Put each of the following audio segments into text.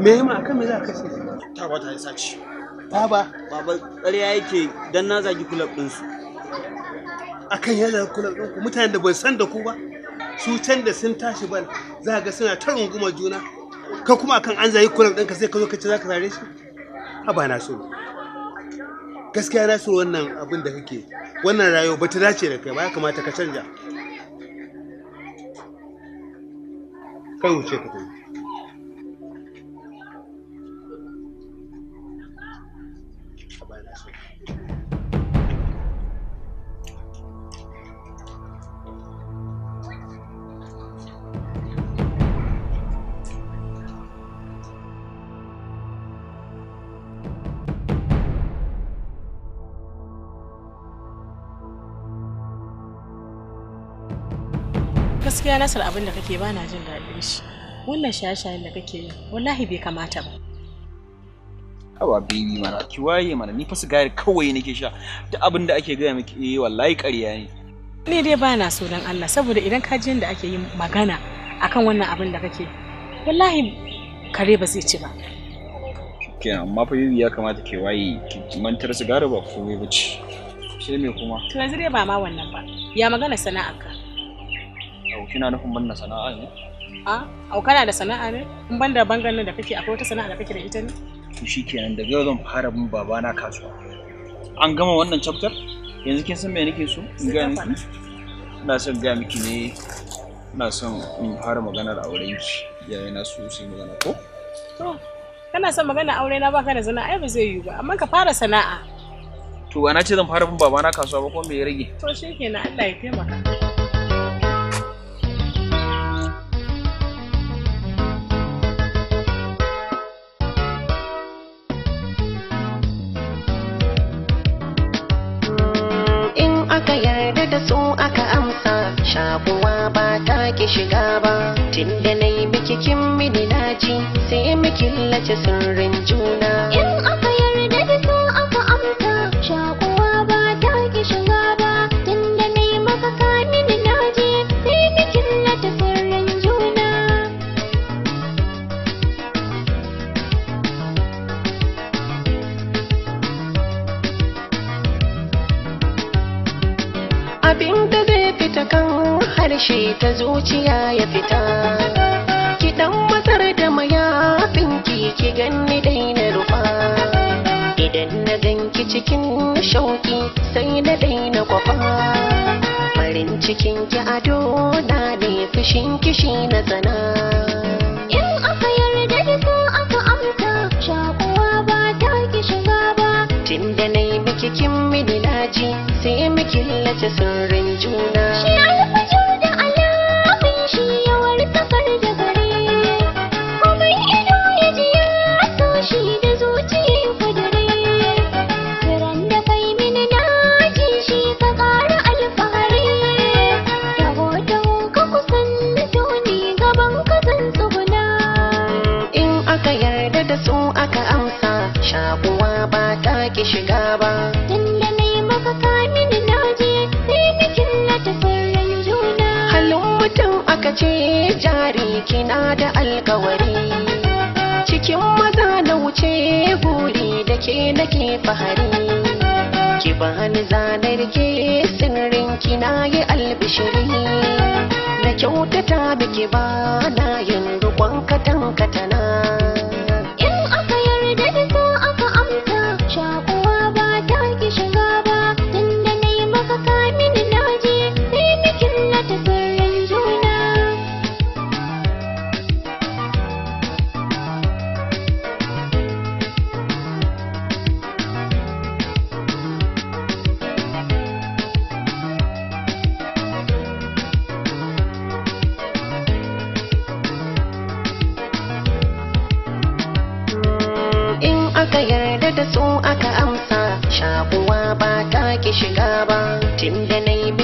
me yi akan me za ka kashe ta ba ta yi sace ba ba baba ƙarya yake dan na zagi kulab ɗinsu a kan ya zagi kulab din ku mutanen da ban san da ku ba su can da sun tashi ban za ga suna ta runguma juna ka kuma akan an zagi kulab ɗinka sai ka zo ka ce za ka zare shi ha ba na so gaskiya na so wannan abin da kake wannan rayuwa ba ta dace da kai ba ya kamata ka canja kai wuce ka tafi gaskiya nasar abin da kake bana jin daɗin shi wannan shaye-shayen da kake yi wallahi bai kamata ba awa bibi mana ki waye mana ni fa sigari kawai nake sha da abin da ake gaya miki eh wallahi ƙarya ne ni dai bana so dan Allah saboda idan ka ji yadda ake yin magana akan wannan abin da kake wallahi kare ba zai ci ba ke amma fa ya kamata ke waye ki mantar sigari ba komai ba ce shi ne kuma to yanzu dai ba ma wannan ba ya magana ka? kina nufin banda sana'a ne a au kana da sana'a ne in ban da nan da kake akwai wata sana'a da kake da ita ne to shikenan daga yau zan fara bin babana kasuwa an gama wannan chapter yanzu kin san me nake so in ga miki ina son ga miki ne ina son in fara maganar auren ki yayi na so sai magana ko to kana son magana aure na baka da sana'a ai ba zai yiwu ba amma ka fara sana'a to ana ce zan fara bin babana kasuwa ba ko me ya rage to shikenan Allah ya taimaka yatsu aka amsa shakuwa ba ta ki shiga ba tunda na yi miki kin mini naji sai miki lace sirrin juna karshe ta zuciya ya fita ki dan matsar da mayafin ki ganni dai na rufa idan na ganki cikin shauki sai na dai na kwafa farin cikin ki ado na ne fushin kishi na tsana Tun da na yi miki kin mini sai mu killace sirrin juna. ce jari kina da alkawari cikin maza na wuce buri da ke nake fahari ki bani zanar ke sirrin kina yi albishiri na kyautata biki ba na yin rukon katan katana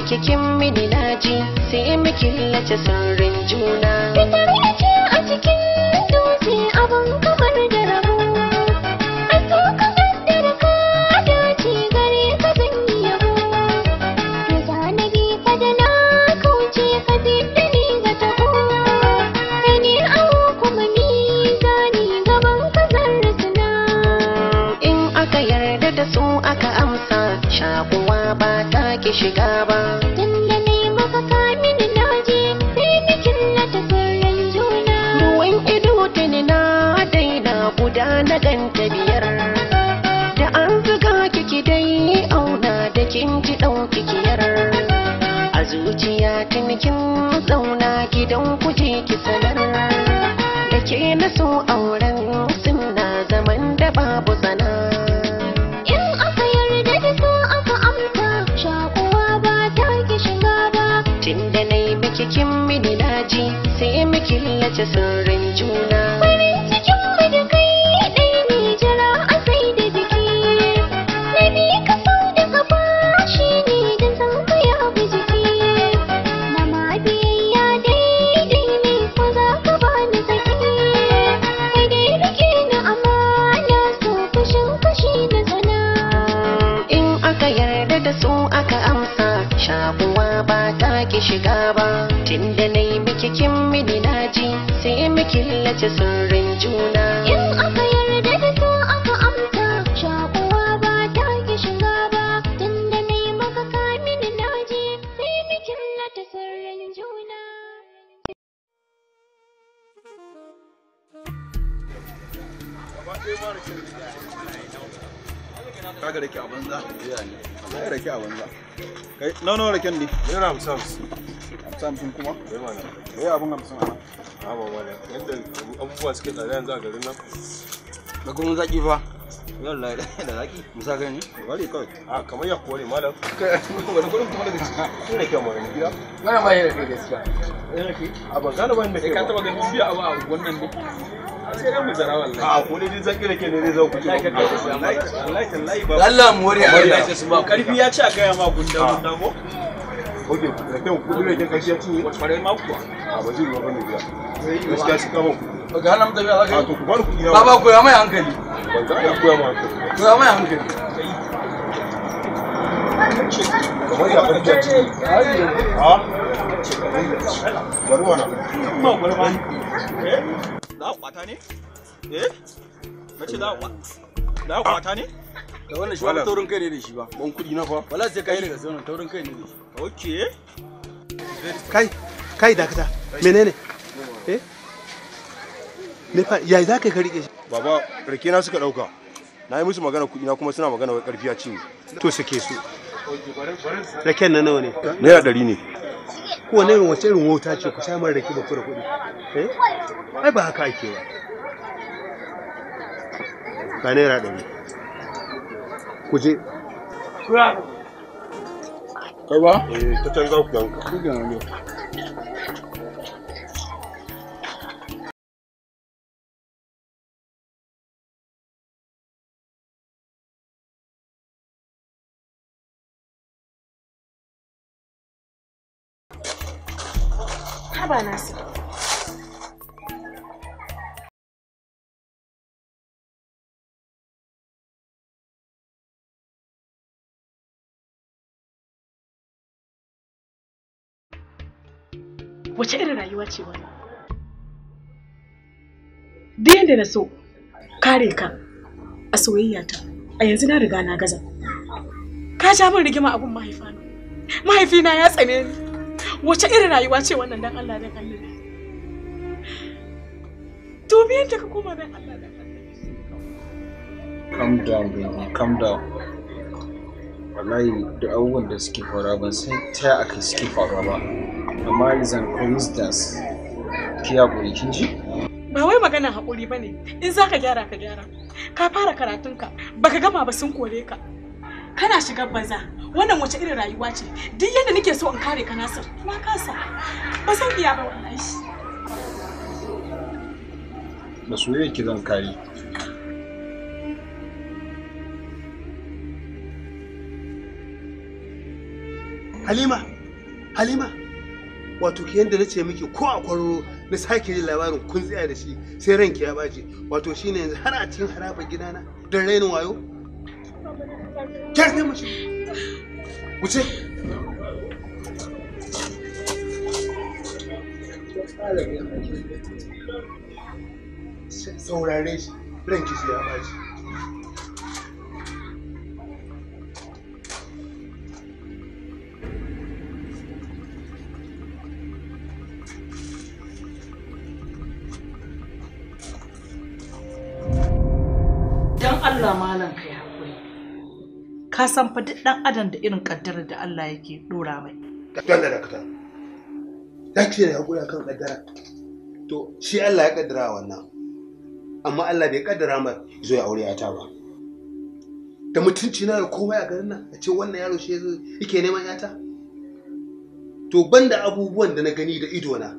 cikin naji sai miki killace sirrin juna. shiga ba dandali maka kamin naje sai nikin na tafarin juna ruwan ido tuni na daina guda na ganta biyar da an zuga kiki dai auna da kin ji ɗauki kiyar a zuciya tuni kin zauna gidan kuje ki sanar da ke na so aure cikin mini daji sai mu killace sirrin juna farin cikin mu da kai ɗaya ne jira a sai da jiki na bi kafa da kafa shi ne da zama ya abu jiki mama biyayya daidai ne ko za ka ba ni saki kai dai rike na ya so kashin kashi da sana. in aka yarda da su aka amsa shaguwa ba ta ki shiga ba Tunda na yi miki kin mini naji sai mu killace sirrin juna in aka yarda da su aka amsa shakuwa ba ta ki shiga ba tunda na yi maka ka mini naji sai mu killace sirrin juna kaga rake a banza kaga rake a banza kai nawa nawa raken ne naira hamsin hamsin kuma? Bai mana. abin ana. Ba Yadda abubuwa suke tsada yanzu a garin nan. Da kuma zaki fa. da zaki. Musa gani? Bari A kamar ya kore malam. Kai kuma Shi ne kyau mai gida. gaskiya. A kai. Ka taba ganin biya a wannan ne. Allah Allah ya ce su ba karfi ya a gaya ma ko ok da kan kuwa a ba ku kudi a a ma wannan shi ba taurin kai ne da shi ba ban kudi na fa wala sai ne taurin kai ne da shi okay kai kai menene eh fa ka rike shi baba rike na suka dauka na yi musu magana kuɗi kuma suna magana wai karfi a raken na nawa ne naira ɗari ne ko ne irin wace irin wauta ce ku rake ba kura kuɗi eh ai ba je Kai ba? Eh, ta can za ku yanka. wace irin rayuwa ce wannan duk yadda na so kare ka a soyayya ta a yanzu na riga na gaza ka ja min rigima abun mahaifa mahaifina ya tsane ni wace irin rayuwa ce wannan dan Allah dan Allah dubi yadda ka koma dan Allah dan Allah calm down baby calm down wallahi duk abubuwan da suke faruwa ban san ta aka suke faruwa ba amma is an coincidence ki hakuri kin ji ba wai magana hakuri bane in za ka gyara ka gyara ka fara karatunka baka gama ba sun kore ka kana shiga banza wannan wace irin rayuwa ce duk yadda nake so in kare ka nasir na kasa ba san iya ba wallahi da soyayya ki zan kare halima halima wato ke yadda na ce miki ko a kwaroro na sake yin labarin kun tsaya da shi sai ranki ya baje? wato shine yanzu har a cikin haraba gidana don rainin wayo kyar ne mace wuce saurare shi ranki shi ya baje. ka san fa duk dan adam da irin kaddarar da Allah yake dora mai kaddara da kaddara da ce ya gura kan kaddara to shi Allah ya kaddara wannan amma Allah bai kaddara ma zo ya aure ta ba da mutunci na da komai a garin nan a ce wannan yaro shi yake neman yata to banda abubuwan da na gani da idona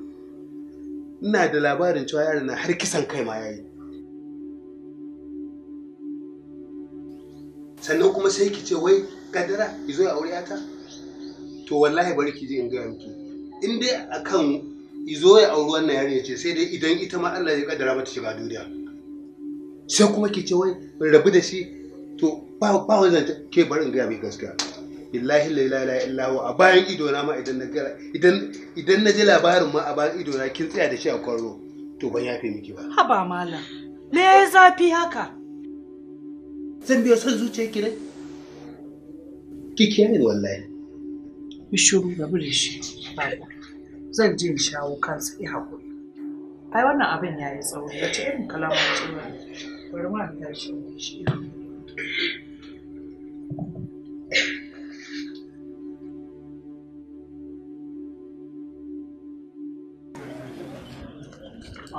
ina da labarin cewa yaron na har kisan kai ma yayi sannan kuma sai ki ce wai kadara izo ya aure ta to wallahi bari ki je in ga miki in dai akan zo ya auri wannan yarinya ce sai dai idan ita ma Allah ya kaddara mata shiga duniya sai kuma ki ce wai rabu da shi to ba ba wannan ke bari in ga miki gaskiya billahi la ilaha illa a bayan ido na ma idan na idan idan na ji labarin ma a bayan ido na kin tsaya da shi a kwaro to ban yafe miki ba haba malam me zafi haka zan biya son zuciyar ki ne ki ne wallahi mu gabu da shi zan je in shawo kansa ya hakuri ai wannan abin ya yi tsawo da ta irin kalamar cewa bari ma ta shi shi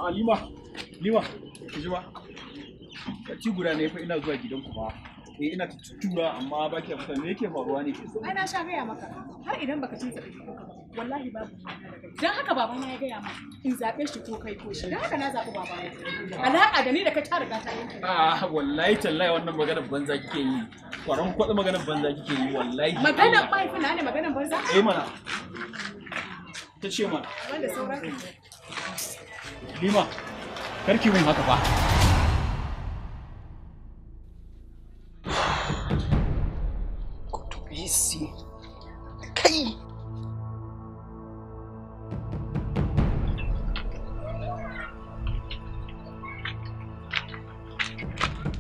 Lima, Lima, Lima. ci guda ne fa ina zuwa gidan ku ba eh ina tura amma ba ki fita me yake faruwa ne ai na sha gaya maka har idan baka cin zabe ko wallahi babu dan haka baba na ya gaya ma in zabe shi ko kai ko shi dan haka na zabi baba alaka da ni da kai ta riga ta yanke ah wallahi tallahi wannan maganar banza kike yi kwaron kwaɗa maganar banza kike yi wallahi maganar mahaifina ne maganar banza eh mana ta ce mana wanda sauran lima karki mun haka ba APC kai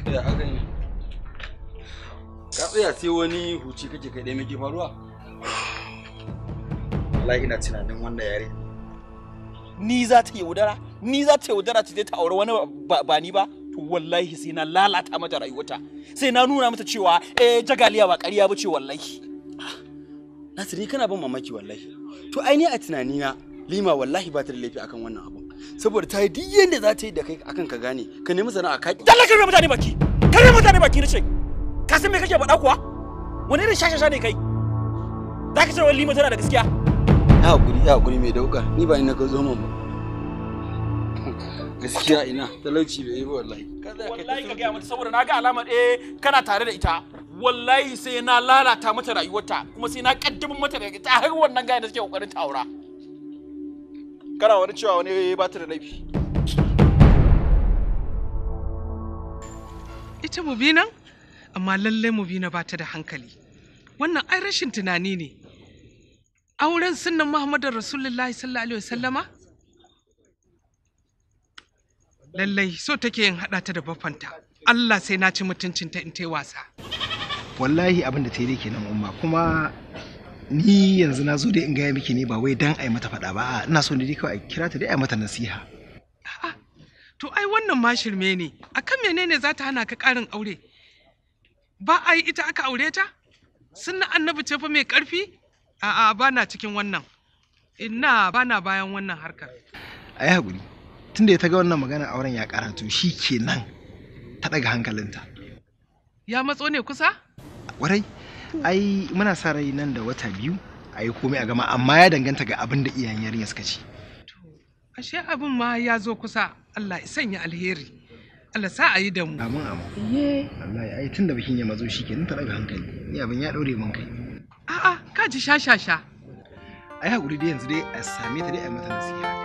ka tsaya sai wani huci kake kai mai faruwa wallahi ina tunanin wannan yare ni za ta yi ni za ta ta je ta aure wani ba ni ba to wallahi sai na lalata mata rayuwata sai na nuna mata cewa eh jagaliya ba ƙarya ba ce wallahi Nasiru kana ban mamaki wallahi to ai ni a tunanina Lima wallahi ba ta da laifi akan wannan abun saboda ta yi duk yadda za ta yi da kai akan ka gane ka nemi sana'a ka dalla kare mutane baki kare mutane baki nace ka san me kake faɗa kuwa wani irin shashasha ne kai za ka ce wa Lima tana da gaskiya ya hakuri ya hakuri mai dauka ni ba ni na ka zo mun ba gaskiya ina talauci bai yi ba wallahi wallahi ka gaya mata saboda na ga alamar eh kana tare da ita wallahi sai na lalata mata rayuwarta kuma sai na kaddamin mata da ta har wannan gaya da suke kokarin ta aura kana wani cewa wani eh, ba ta da laifi ita mubina amma lallai mubina ba ta da hankali wannan ai rashin tunani ne auren sunnan Muhammadu rasulullahi sallallahu alaihi wasallama lallai so take yin haɗa ta da baffanta Allah sai na ci mutuncin ta in ta wasa wallahi abin da ta yi kenan umma kuma ni yanzu na zo dai in gaya miki ne ba wai dan ai mata faɗa ba ina so ne dai kawai kira ta dai ai mata nasiha to ai wannan ma shirme ne akan menene za ta hana ka ƙarin aure ba ai ita aka aure ta sunna annabi ce fa mai karfi a'a bana cikin wannan ina bana bayan wannan harkar ai hakuri tunda ya taga wannan magana auren ya karatu shi ke nan ta daga hankalinta ya matso ne kusa warai ai muna sa rai nan da wata biyu a yi komai a gama amma ya danganta ga abin da iyayen yarinya suka ce ashe abin ma ya zo kusa Allah ya sanya alheri Allah sa a yi da mu amin amin ye Allah ya ai tunda bikin ya mazo shi nan ta daga hankali ni abin ya daure mun kai a'a ka ji shashasha. ai hakuri da yanzu dai a same ta dai a mata nasiha